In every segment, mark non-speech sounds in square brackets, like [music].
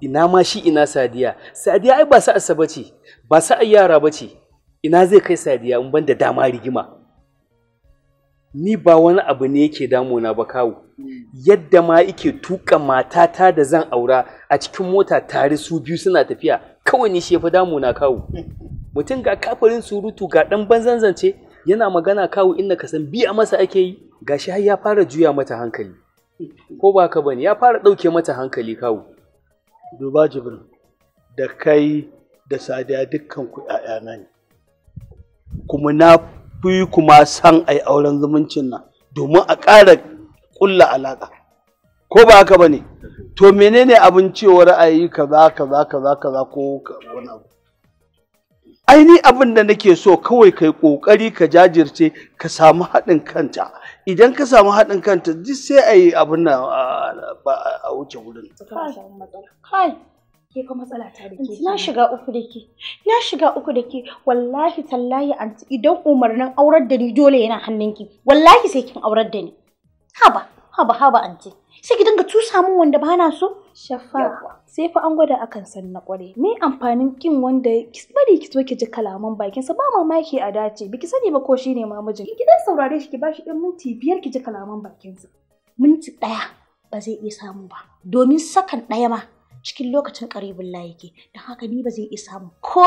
ina ma shi ina sadiya sadiya ai ba sa'arsa ba ce ba sa'ar yara ba ce ina zai kai sadiya in ban da dama rigima ni ba wani abu ne yake damuna ba kawo yadda ma yake tuka matata da zan aura a cikin mota tare su biyu suna tafiya kawai ni shi ya fi damuna kawo mutum ga kafarin surutu ga dan banzan zance yana magana kawo inda ka san biya masa ake yi gashi har ya fara juya mata hankali ko ba ka bane ya fara ɗauke mata hankali kawo duba da kai da sadiya dukkan ku ‘ya'yana ne kuma na fi kuma san a yi auren zumuncin nan domin a ƙara ƙulla alaƙa ko ba haka ba ne to menene abin cewa ra'ayi ka za ka za ko wani abu aini abin da nake so kawai kai ƙoƙari ka jajirce ka samu haɗin kanta idan ka samu haɗin kanta duk sai a yi abin nan a wuce wurin. Kai, ke ka matsala ta da ke. Na shiga uku da ke, na shiga uku da ke, wallahi tallahi idan umarnin aurar da ni dole yana hannunki, wallahi sai kin aurar da ni. Haba, haba, haba anti. sai ki dinga tusa min wanda ba na so shafa sai fa an gwada akan san na kware me amfanin kin wanda ki bari ki zo ki ji kalaman bakin sa ba mamaki a dace biki sani ba ko shine mamijin ki dan saurare shi ki bashi dan minti biyar ki ji kalaman bakin sa minti daya ba zai iya samu ba domin sakan daya ma cikin lokacin karibin layiki dan haka ni ba zai iya samu ko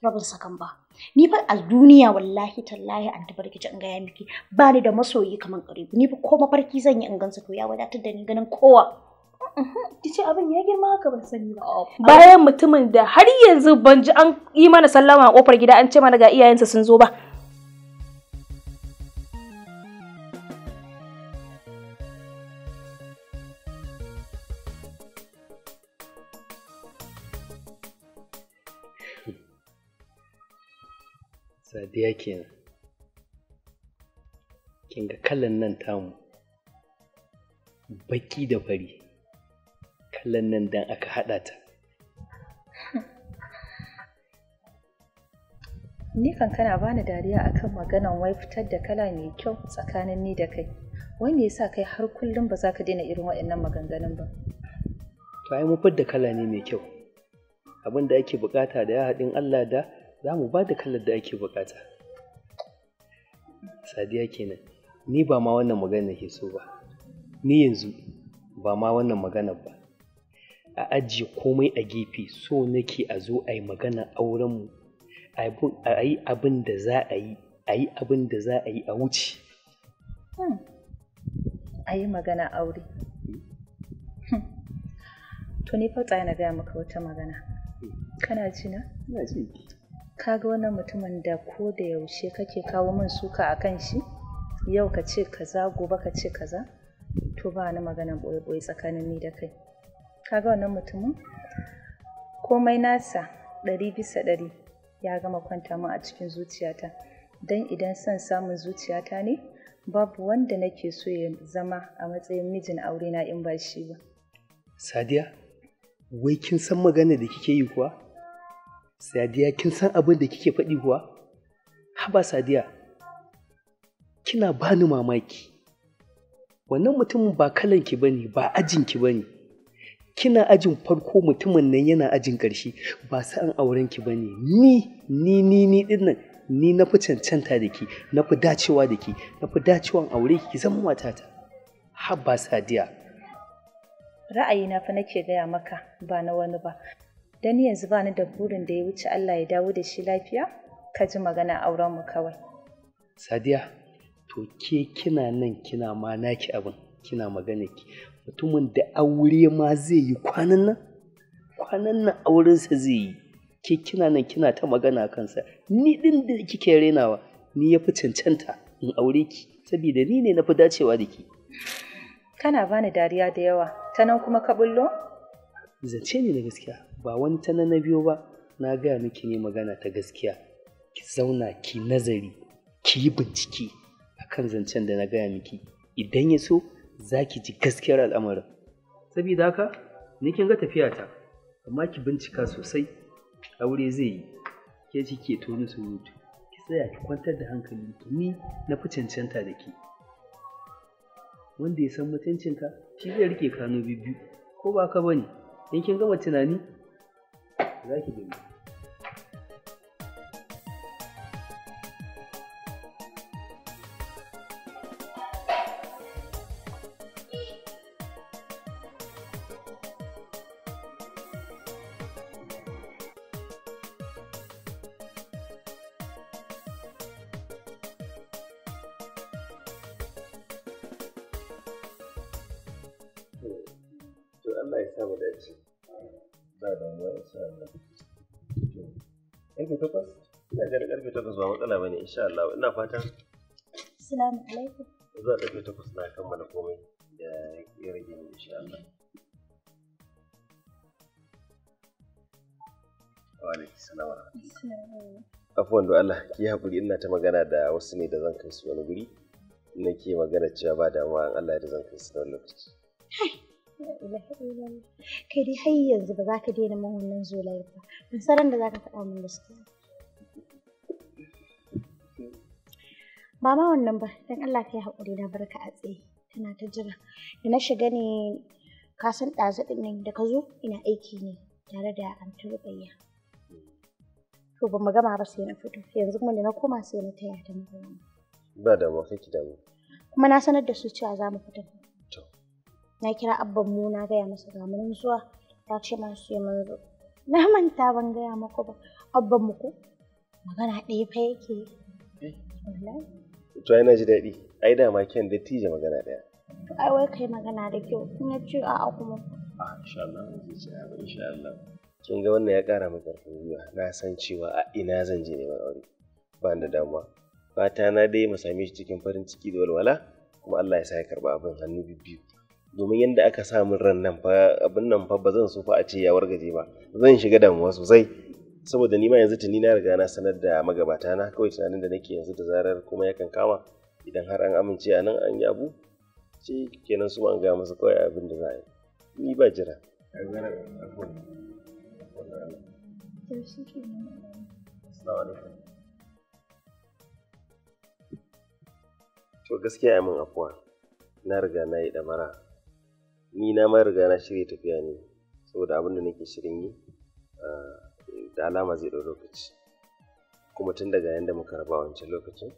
rabin sakan ba ni fa a duniya wallahi tallahi an barki in gaya miki ba ni da masoyi kaman kare ni fa ko mafarki zan yi in gansa to ya wadatar da ni ganin kowa mm-hmm. ce abin ya girma haka ban sani ba. Oh, Bayan mutumin da har yanzu ban ji an yi mana sallama a kofar gida an ce mana ga iyayensa sun zo ba. biya kenan kin ga kalan nan tamu baki da fari kalan nan dan aka haɗa ta ni kan kana bani dariya akan maganan wai fitar da kala mai kyau tsakanin ni da kai wai me yasa kai har kullum ba za ka daina irin waɗannan maganganun ba to ai mu fitar kala ne mai kyau abin da ake bukata da ya haɗin Allah da za mu ba da kallar da ake bukata sadiya kenan ni ba ma wannan magana ke so ba ni yanzu ba ma wannan magana ba a ajiye komai a gefe so nake a zo a yi magana aurenmu a yi abin da za a yi a yi abin da za a yi a wuce hmm. a yi magana aure hmm. to ni fa na gaya maka wata magana hmm. kana ji na? ina ji ka ga wannan mutumin da ko da yaushe kake kawo min suka a kan shi yau ka ce kaza gobe ka ce kaza to ba ni maganan ɓoye-ɓoye tsakanin ni da kai ka ga wannan mutumin komai nasa ɗari bisa ɗari ya gama kwanta min a cikin zuciyata don idan son samun zuciyata ne babu wanda nake so ya zama a matsayin mijin aure na in ba shi ba sadiya wai kin san magana da kike yi kuwa Sadiya kin san abin da kike faɗi kuwa? Haba Sadiya, kina bani mamaki. Wannan mutumin ba kalanki ba ne, ba ajinki ba ne. Kina ajin farko mutumin nan yana ajin ƙarshe, ba sa'an aurenki ba ne. Ni, ni, ni, ni din nan, ni na fi cancanta da ki, na fi dacewa da ki, na fi dacewan aure ki zama matata. Haba Sadiya. Ra'ayina fa nake gaya maka ba na wani ba. don yanzu ba ni da burin da ya wuce Allah ya dawo da shi lafiya ka ji magana auren mu kawai sadiya to ke kina nan kina ma naki abin kina magana ki mutumin da aure ma zai yi kwanan nan kwanan nan aurensa zai yi ke kina nan kina ta magana kansa ni din da kike renawa ni ya fi cancanta in aure ki saboda ni ne na fi dacewa da ki kana bani dariya da yawa ta nan kuma ka bullo zance ne na gaskiya ba wani ta na biyo ba na gaya miki ne magana ta gaskiya ki zauna ki nazari ki yi bincike akan zancen da na gaya miki idan ya so za ki ji gaskiyar al'amarin saboda haka ni kin ga tafiya ta amma ki bincika sosai aure zai yi ke ci ke toni surutu ki tsaya ki kwantar da hankali ni na fi cancanta da ke wanda ya san mutuncinka shi zai rike kano biyu ko ba ka bane in kin gama tunani za ki gani Allah ya sa mu yace ba da wani insha Allah ƙarfe takwas ina ga karfe 8 zuwa matsala bane insha Allah ina fatan assalamu alaikum zuwa ƙarfe takwas na kammala komai da ya rage ni insha Allah Afuwan da Allah ki haƙuri ina ta magana da wasu ne da zan kai su wani guri nake magana cewa ba damuwa in Allah ya da zan kai su da wani lokaci. kai dai har yanzu ba za ka daina min wannan ba ban san da za ka faɗa min gaskiya ba ma wannan ba don Allah ka yi haƙuri na barka a tsaye tana ta jira da na shiga ne ka san ɗazu ɗin nan da ka zo ina aiki ne tare da anti to ba mu gama ba sai na fito yanzu kuma da na koma sai na taya ta magana ba da ba kuma na sanar da su cewa za mu fita na kira abban mu na gaya masa ga mun zuwa ta ce su sai mun zo na manta ban gaya maka ba abban mu ko magana ɗaya fa yake eh. to na ji daɗi ai da ma kyan tije magana ɗaya to ai wai kai magana da kyau kun ya ce a kuma a ah, insha Allah zai ce a insha Allah kin ga wannan ya ƙara min ƙarfin gwiwa na san cewa a ina zan je neman aure ba da damuwa fata na dai mu same shi cikin farin ciki da walwala kuma Allah ya sa ya karɓa abin hannu bibbiyu domin yadda aka sa min ran nan fa abin nan fa ba zan so fa a ce ya wargaje ba zan shiga damuwa sosai saboda ni ma yanzu tuni na riga na sanar da magabata na kawai tunanin da nake yanzu da zarar kuma yakan kama idan har an amince a nan an yi abu ce kenan su an ga masa kawai abin da za a yi ni ba jira to gaskiya min afuwa na riga na yi damara ni na ma riga na shirya tafiya ne saboda abin da nake shirin yi eh, da alama zai ɗau lokaci kuma tun daga yanda muka raba wancan lokacin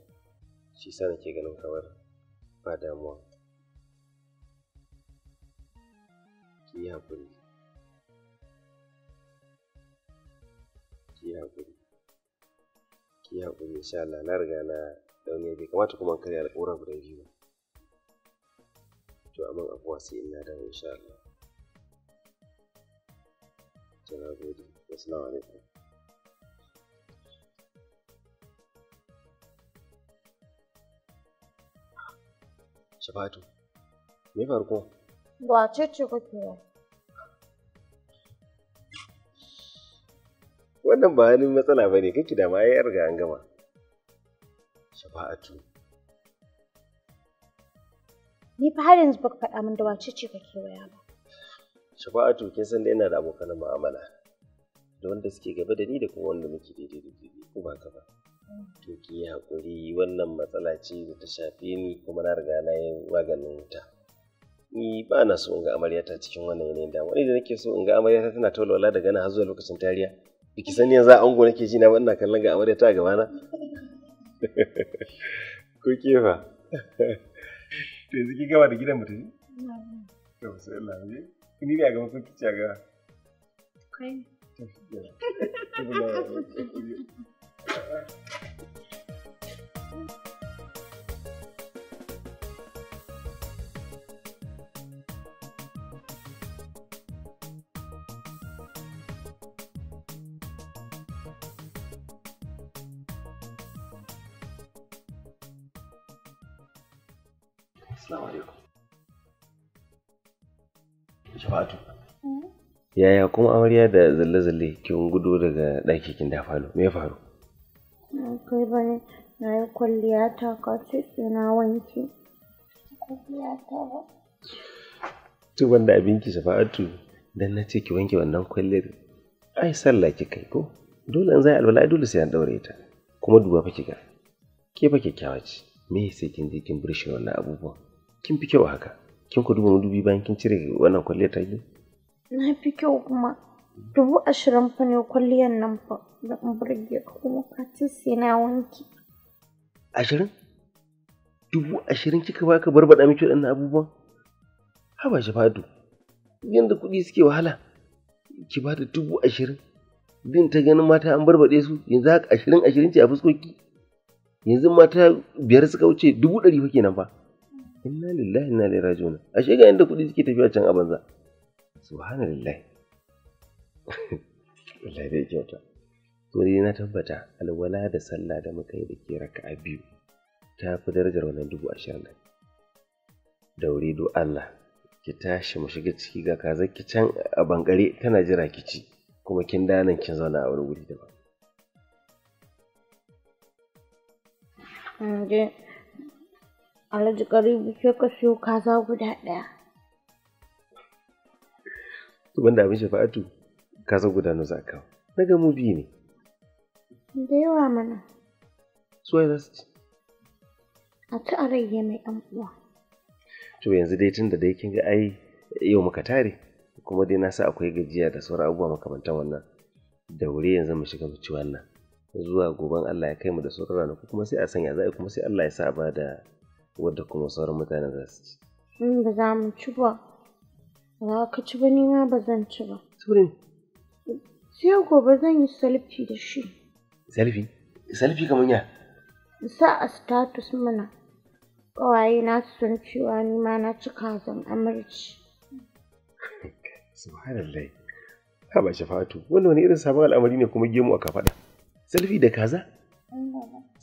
shi sa nake ganin kamar ba damuwa ki yi haƙuri ki yi haƙuri ki yi haƙuri insha Allah na riga na daune bai kamata kuma karya alƙawuran guda biyu ba to a man abuwa sai in na dawo insha Allah to na gode assalamu alaikum Shafatu, me farko? Ba cece kuke ba. Wannan ba wani matsala ba ne, kake da ma yar ga an gama. shafatu Ni fa har yanzu baka faɗa min da wace ce kake waya ba. Shafa'atu kin san da ina da abokan mu'amala. Da wanda suke gaba da ni da kuma wanda muke daidai da daidai ko ba ka ba. To ki hakuri wannan matsala ce da ta shafe ni kuma na riga na yi maganin wuta. Ni ba na so in ga amaryata cikin wannan yanayin damuwa. Ni da nake so in ga amaryata tana walwala daga na har zuwa lokacin tariya. Biki sani yanzu ango nake ji na ba ina kallon ga amaryata a gabana. [laughs] Ko ke fa? [laughs] to yanzu ki gama da gidan mu tafi to sai Allah ne ni da ga kun kici ga kai Assalamu alaikum. Shafa'atu. Hmm? Yaya kuma amarya da zalle-zalle kin gudu daga ɗaki kin da falo? Me ya faru? Kai ba ne, na yi kwalliya ta kace na wanke. Kwalliya ta ba. Tuban da abinki Shafa'atu dan na ce ki wanke wannan kwalliyar. Ai sallah ki kai ko? Dole in za a albala dole sai an daure ta. Kuma duba fa ki ga. Ke fa kyakkyawa ce. Me sai kin je kin burshe wannan abubuwan? kin fi kyau haka kin ku duba madubi bayan kin cire wannan kwalliyar ta ki na fi kyau kuma dubu ashirin fa ne kwalliyar nan fa da in burge ka kuma ka ce sai na wanki ashirin dubu ashirin kika baka barbaɗa miki waɗannan abubuwan haba shi fadu yadda kuɗi suke wahala ki ba da dubu ashirin din ta ganin mata an barbaɗe su yanzu haka ashirin ashirin ce a fuskoki yanzu mata biyar suka wuce dubu ɗari fa kenan fa inna lillahi inna ilaihi raji'un ashe ga inda kuɗi suke tafiya can a banza subhanallahi [laughs] Allah bai kyauta to ni na tabbata alwala da sallah da muka yi da ke raka'a biyu ta fi darajar wannan dubu ashirin daure do Allah ki tashi mu shiga ciki ga kaza ki can a bangare, tana jira ki ci kuma kin nan kin zauna a wani wuri daban alhaji garibu sai ka siyo kaza guda ɗaya wanda abin shafa'atu kaza guda na za ka na gamu biyu ne da yawa mana suwaye za su ci a ci a rage mai dan uwa to yanzu dai tun da dai kin ga ai yau muka tare kuma dai na sa akwai gajiya da sauran abubuwa makamantan wannan da wuri yanzu mu shiga mu ci wannan zuwa goben Allah ya kai mu da sauran ranaku kuma sai a sanya za kuma sai Allah ya sa ba da wadda kuma sauran mutane za su ci. Ba za mu ci ba. Ba ka ci ba ni ma ba zan ci ba. Saurin. Sai gobe zan yi salfi da shi. Salfi? Salfi kamar ya? Sa a status mana. Ƙawaye na sun cewa ni ma na ci kazan amurci. [laughs] Subhanallah. Ka ba shafatu. Wannan wani irin sabon al'amari ne kuma gemu aka faɗa. Salfi da kaza?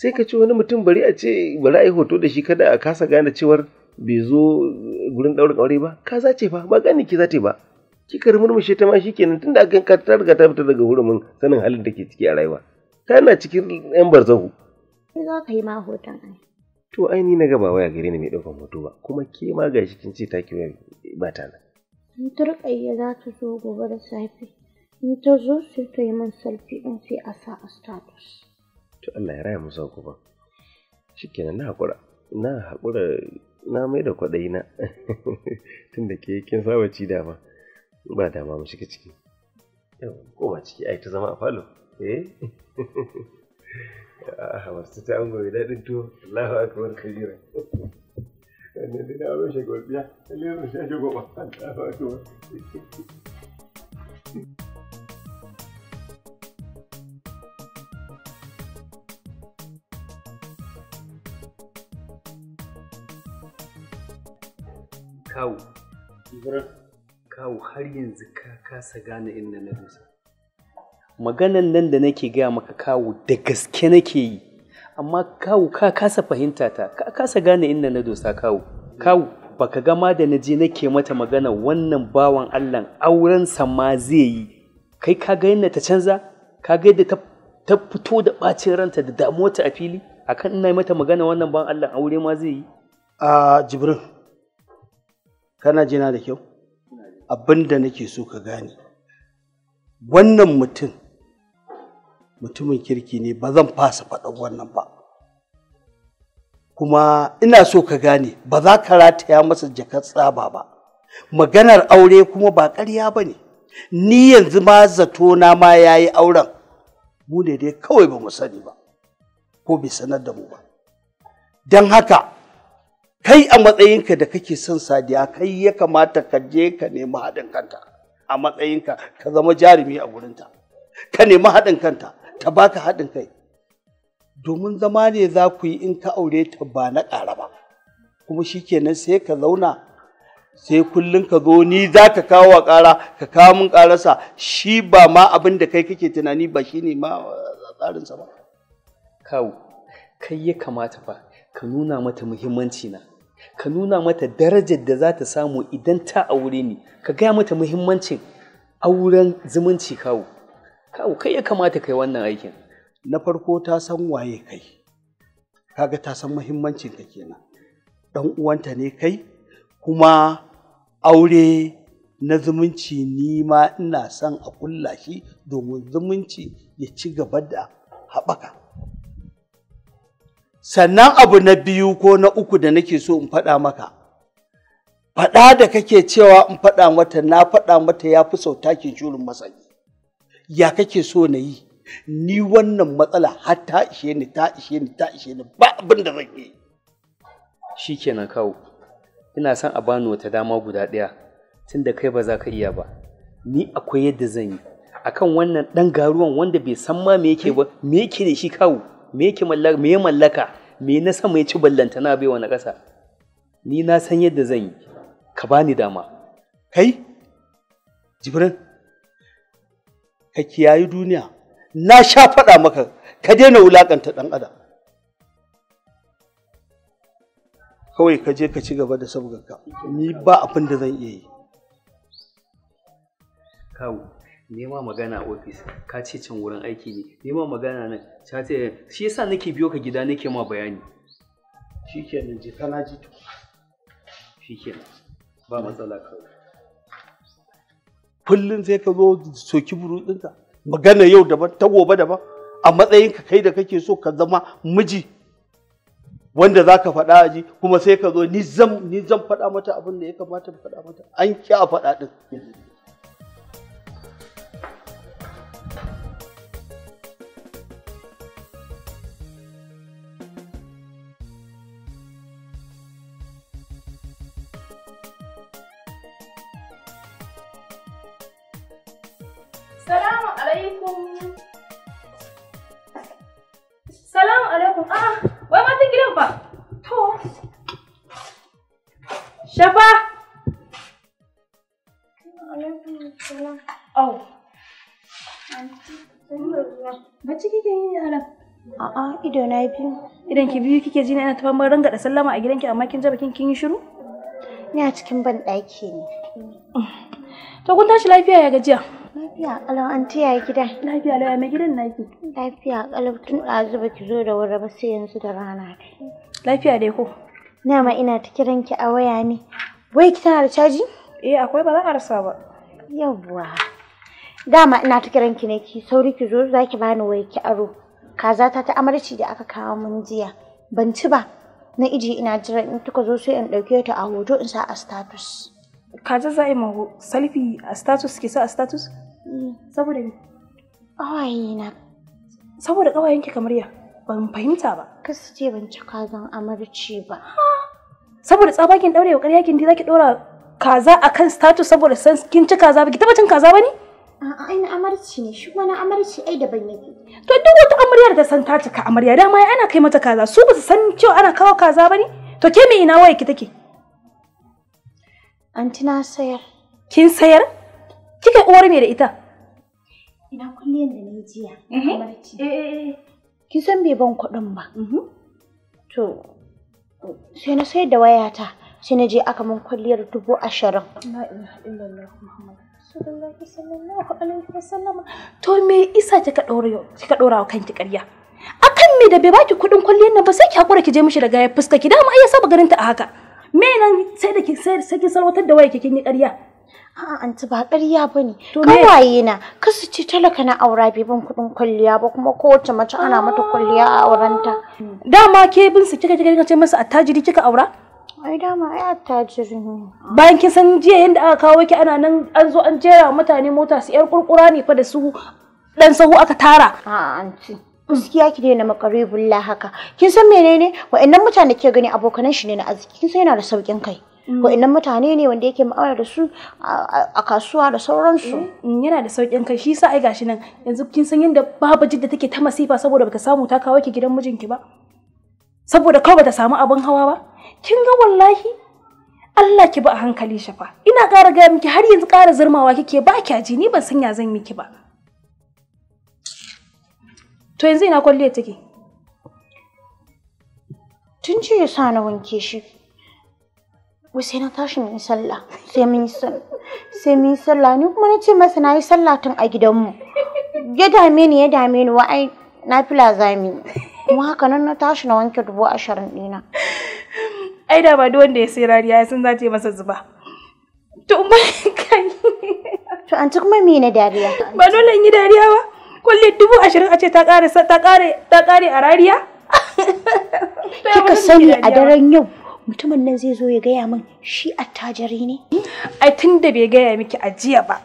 sai ka ce wani mutum bari a ce bari a yi hoto da shi kada a kasa gane cewar bai zo gurin ɗaurin aure ba ka zace ce ba gane ki ta ba kika murmushe ta ma kenan, tunda aka kan ta riga ta fita daga hurumin sanin halin da ke ciki a rayuwa tana cikin yan barzahu sai za ka yi ma hoton ai to ai ni na ga waya gare ni mai ɗaukan hoto ba kuma ke ma gashi kin ce ta waya ba ta nan in turƙayya za ta zo gobe da safe in ta zo sai ta yi min selfie in sai a sa a status to Allah ya raya musa kuma shikenan na haƙura na haƙura na mai da kwaɗayi na [laughs] tun da ke kin saba ci dama ba dama mu shiga ciki yau koma ciki ai ta zama a falo eh a [laughs] ah, su ta ango mai daɗin tuwo Allahu akbar kabira ne ne na shi ne ne aure shagwabiya lalle na shagwaba Allahu akbar [laughs] wurin kawo har yanzu ka kasa gane inda na dosa maganan nan da nake gaya maka kawo da gaske nake yi amma kawo ka kasa fahimta ta ka kasa gane inda na dosa kawo kawo baka gama da na je nake mata magana wannan bawan allah auren ma zai yi kai ka ga yadda ta canza ka ga yadda ta fito da ɓacin ranta da damuwa ta a fili akan ina mata magana wannan bawan allah aure ma zai yi a jibrin kana jina da kyau abinda da nake so ka gane wannan mutum mutumin kirki ne ba zan fasa faɗin wannan ba kuma ina so ka gane ba za ka rataya masa jakar tsaba ba maganar aure kuma ba ƙarya ba ne ni yanzu ma zato na ma ya yi auren mu ne dai kawai ba mu sani ba ko bai sanar da mu ba don haka kai a matsayinka da kake son sadiya kai ya kamata ka je ka nemi haɗin kanta a matsayinka ka zama jarumi a gurinta ka nemi haɗin kanta ta baka haɗin kai domin zama ne za ku yi in ka aure ta ba na ƙara ba kuma shikenan sai ka zauna sai kullum ka zo ni za ka kawo wa ƙara ka kawo min ƙararsa shi ba ma abin da kai kake tunani ba shi ne ma tsarinsa ba kawo kai ya kamata ba ka nuna mata muhimmanci na ka nuna mata darajar da za ta samu idan ta aure ni ka gaya mata muhimmancin auren zumunci kawo kawo kai ya kamata kai wannan aikin na farko ta san waye kai kaga ta san muhimmancin ka kenan Ɗan uwanta ne kai kuma aure na zumunci ni ma ina son a kulla shi domin zumunci ya ci gaba da haɓaka sannan abu na biyu ko na uku da nake so in faɗa maka faɗa da kake cewa in faɗa mata na faɗa mata ya fi sau takin shurin masani ya kake so na yi ni wannan matsala har ta ishe ni ta ishe ni ta ishe ni ba abin da zan yi shi kenan kawo ina son a bani wata dama guda ɗaya da kai ba za ka iya ba ni akwai yadda zan yi akan wannan ɗan garuwan wanda bai san ma me yake ba me yake da shi kawo me yake mallaka me mallaka me na sama ya ci ballanta na baiwa na ƙasa ni na san yadda zan yi ka bani dama kai jibrin ka kiyayi duniya na sha faɗa maka ka daina wulaƙanta ɗan adam kawai ka je ka ci gaba da sabgarka ni ba abin da zan iya yi kawo nema magana a ofis ka ce can wurin aiki ne nema magana nan ta ce shi yasa nake biyo ka gida nake ma bayani shikenan je kana ji to shikenan ba matsala kawai kullum sai ka zo soki buru ɗinka magana yau daban ta gobe daban a matsayin ka kai da kake so ka zama miji wanda za ka faɗa aji kuma sai ka zo ni zan faɗa mata abin da ya kamata faɗa mata an ƙi a faɗa ɗin alaikum. Salamu alaikum. Ah, wai matan gidan fa? To. Shafa. Alaikum salam. Au. Bacci kike yi haram. A'a, ido na biyu. Idan ki biyu kike ji na ina ta famar ranga da sallama a gidanki amma kin ji bakin kin yi shiru? Ina cikin ban ɗaki ne. To kun tashi lafiya ya gajiya? Lafiya kalau an taya gida. Lafiya lafiya mai gidan naki. Lafiya kalau tun ɗazu ba ki zo da wuri ba sai yanzu da rana ne. Lafiya dai ko? Dama ina ta kiran ki a waya ne. Wai ki tana da caji? Eh akwai ba za a rasa ba. Yawwa. Dama ina ta kiran ki ne ki sauri ki zo za ki bani wai ki aro. Kaza ta ta amarci da aka kawo mun jiya. Ban ci ba. Na iji ina jiran in kika zo sai in ɗauke ta a hoto in sa a status. kaji za a yi ma salfi a status ke sa a status? Eh. Saboda ni. Ƙawaye na. Saboda ƙawayen ki kamar ya ban fahimta ba. Kasu ce ban ci zan amarci ba. Saboda tsabakin ɗaure wa ƙarya gindi za ki ɗora kaza a kan status saboda san kin ci kaza ba ki taɓa cin kaza ba ni. A'a ina amarci ne shi wani amarci ai daban yake. To duk wata amarya da ta san ta cika amarya dama ana kai mata kaza su ba su san cewa ana kawo kaza ba ne? To ke me ina waye ki take? Anti na sayar. Kin sayar? Kika uwar me da ita? Ina kulliyar da ni jiya. Mhm. Eh Eh eh. Kin san bai ban kuɗin ba. Mhm. To sai na sayar da wayata. Sai na je aka min kulliyar dubu ashirin. La ilaha illallah Muhammad. Sallallahu sallallahu alaihi sallama. To me isa kika ɗora kika ɗora wa kanki ƙarya? Akan me da bai baki kuɗin kulliyar nan ba sai ki haƙura ki je mishi da gaya fuska ki dama ai ya saba garin ta a haka. me nan sai da sai sai kin salwatar da waye kin yi ƙarya a'a anti ba ƙarya bane kawaye na kasu ce talaka na aura bi ban kuɗin kwalliya ba kuma kowace mace ana mata kwalliya a aurenta dama ke bin su kika kika ce masa attajiri kika aura ai dama ai attajiri ne bayan kin san jiya yanda aka kawo ki ana nan an zo an jera mutane mota su yar kurkura ne fa da su dan sahu aka tara a'a anti gaskiya ki daina makarebulla haka kin san menene wa'annan mutane ke gani abokanan shi ne na arziki kin san yana da saukin kai mm. wa'annan mutane ne wanda yake mu'amala da su a kasuwa da sauransu mm, mm, yana da saukin kai shi sa ai gashi nan yanzu kin san yadda babu jidda take ta masifa saboda bata samu ta kawo ki gidan mijinki ba saboda kawai bata samu abin hawa ba kin ga wallahi Allah ki ba a hankali shafa ina ƙara gaya miki har yanzu ƙara zurmawa kike ba kya ji ni ban san ya zan miki ba To yanzu ina kwalliyar take? Tun jiya sa na wanke shi. Wai sai na tashi mun sallah, sai mun sai mun sallah ni kuma na ce masa na yi sallah tun a gidanmu. Ya dame ni, ya dame ni, wa'ai na fila lazami. Kuma haka nan na tashi na wanke dubu ashirin ɗina. Ai da ba duk wanda ya sai rariya ya san za ta yi masa zuba. To, ba [laughs] kai. To, an ta kuma me na dariya? Ba dole in yi dariya ba. kulli dubu ashirin a ce ta kare ta kare a rariya [laughs] kika sani a daren yau mutumin nan zai zo ya gaya min shi attajiri ne ai tun da bai gaya miki a jiya ba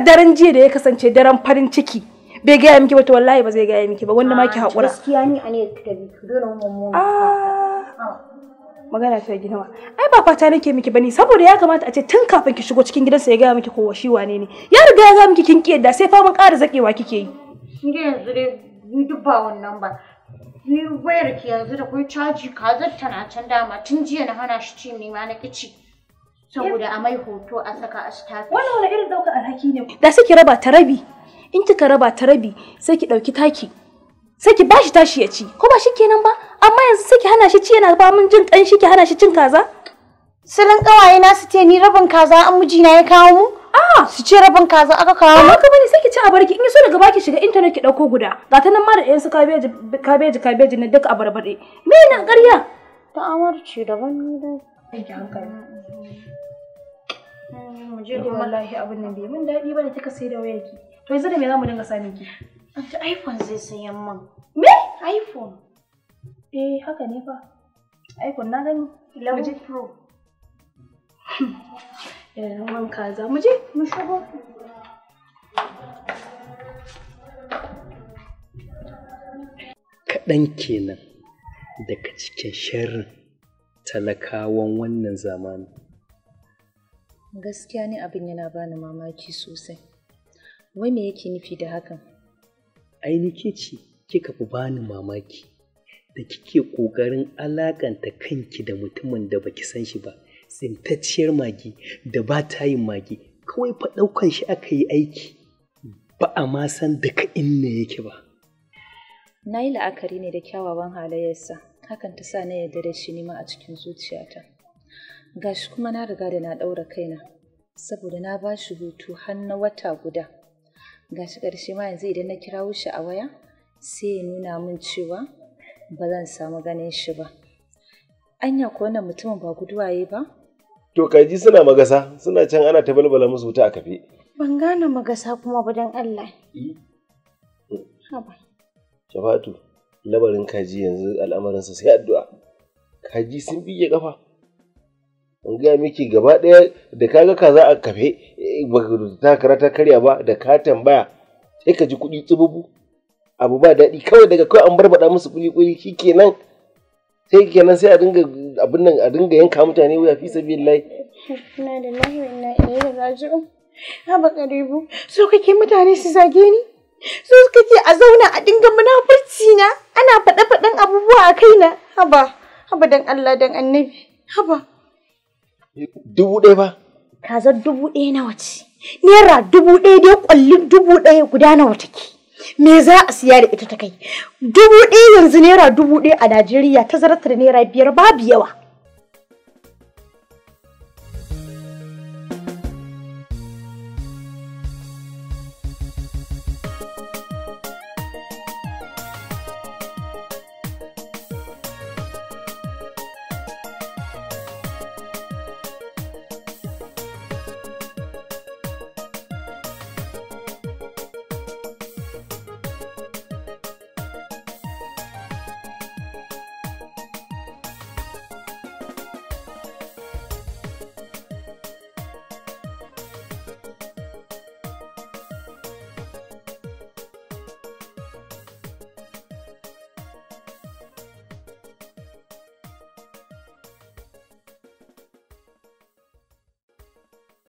a daren jiya da ya kasance daren farin ciki bai gaya miki ba to wallahi ba zai gaya miki ba wanda ma ki ah, haƙura gaskiya ni a ne da dole mun ah. magana ta gidanwa ai ba fata nake miki bane saboda ya kamata a ce tun kafin ki shigo cikin gidansa ya gaya miki ko shi wane ne ya riga ya ga miki kin kiyar da sai mun ƙara zakewa kike yi Kinga yanzu dai ni duk ba wannan ba. Ni wayar ki yanzu da kai caji kazar tana can dama tun jiya na hana shi ci ne ma na kici. Saboda a mai hoto a saka a status. Wannan wani irin ɗaukar alhaki ne. Da suke raba ta rabi. In kika raba ta rabi sai ki ɗauki taki. sai ki bashi tashi ya ci ko ba shi kenan ba amma yanzu sai ki hana shi ci yana ba mun jin ƙanshi ki hana shi cin kaza. Sunan ƙawaye na su ce ni rabin kaza an mijina ya kawo mu Ah, su ce rabin kaza aka kawo mu. Haka bane sai ki ci a barki in so daga baki shiga internet ki dauko guda. Ga ta nan ma da ɗayan su kabeji kabeji kabeji na duk a barbade. Me na ƙarya? Ta amarci ni dai. Kai hankali. Mm, mu je Pro. [laughs] Eh, kaɗan kenan daga cikin sharrin talakawan wannan zamani gaskiya ne abin yana bani mamaki sosai wai yake nufi da hakan ainihi ce kika fi bani mamaki da kike ƙoƙarin alaƙanta kanki da mutumin da baki san shi ba tsintacciyar magi da ba ta yin magi kawai fa ɗaukan shi aka yi aiki ba a ma san daga inna yake ba. Na yi la'akari ne da kyawawan halayyarsa hakan ta sa na yarda da shi nima a cikin zuciyata. Gashi kuma na riga da na ɗaura kaina saboda na ba shi hutu har na wata guda. Gashi ƙarshe ma yanzu idan na kira shi a waya sai ya nuna min cewa ba zan samu ganin shi ba. Anya ko wannan mutumin ba guduwaye ba? To kaji suna magasa suna can ana ta balbala musu wuta a kafe. Ban gane magasa kuma ba don Allah. Shafatu, labarin kaji yanzu al'amarinsa sai addu'a. Kaji sun biye kafa. An gaya miki gaba ɗaya da ka kaza a kafe eh, ba ta kara ta karya ba da ka tambaya sai ka ji kuɗi tsububu. Abu ba daɗi kawai daga kawai an barbaɗa musu kuli-kuli shi kenan. Sai kenan sai a dinga abin nan a dinga yanka mutane wuya fi lai. ina da lahi wa ina ilaihi raji'un haba karibu so kake mutane su zage ni so kake a zauna a dinga munafurci na ana faɗa faɗan abubuwa a kaina haba haba dan Allah dan annabi haba dubu ɗaya ba kazar dubu ɗaya nawa ce naira dubu ɗaya dai kwallin dubu ɗaya guda nawa take me za a siya da ita ta kai dubu ɗaya yanzu naira dubu ɗaya a najeriya ta da naira biyar babu yawa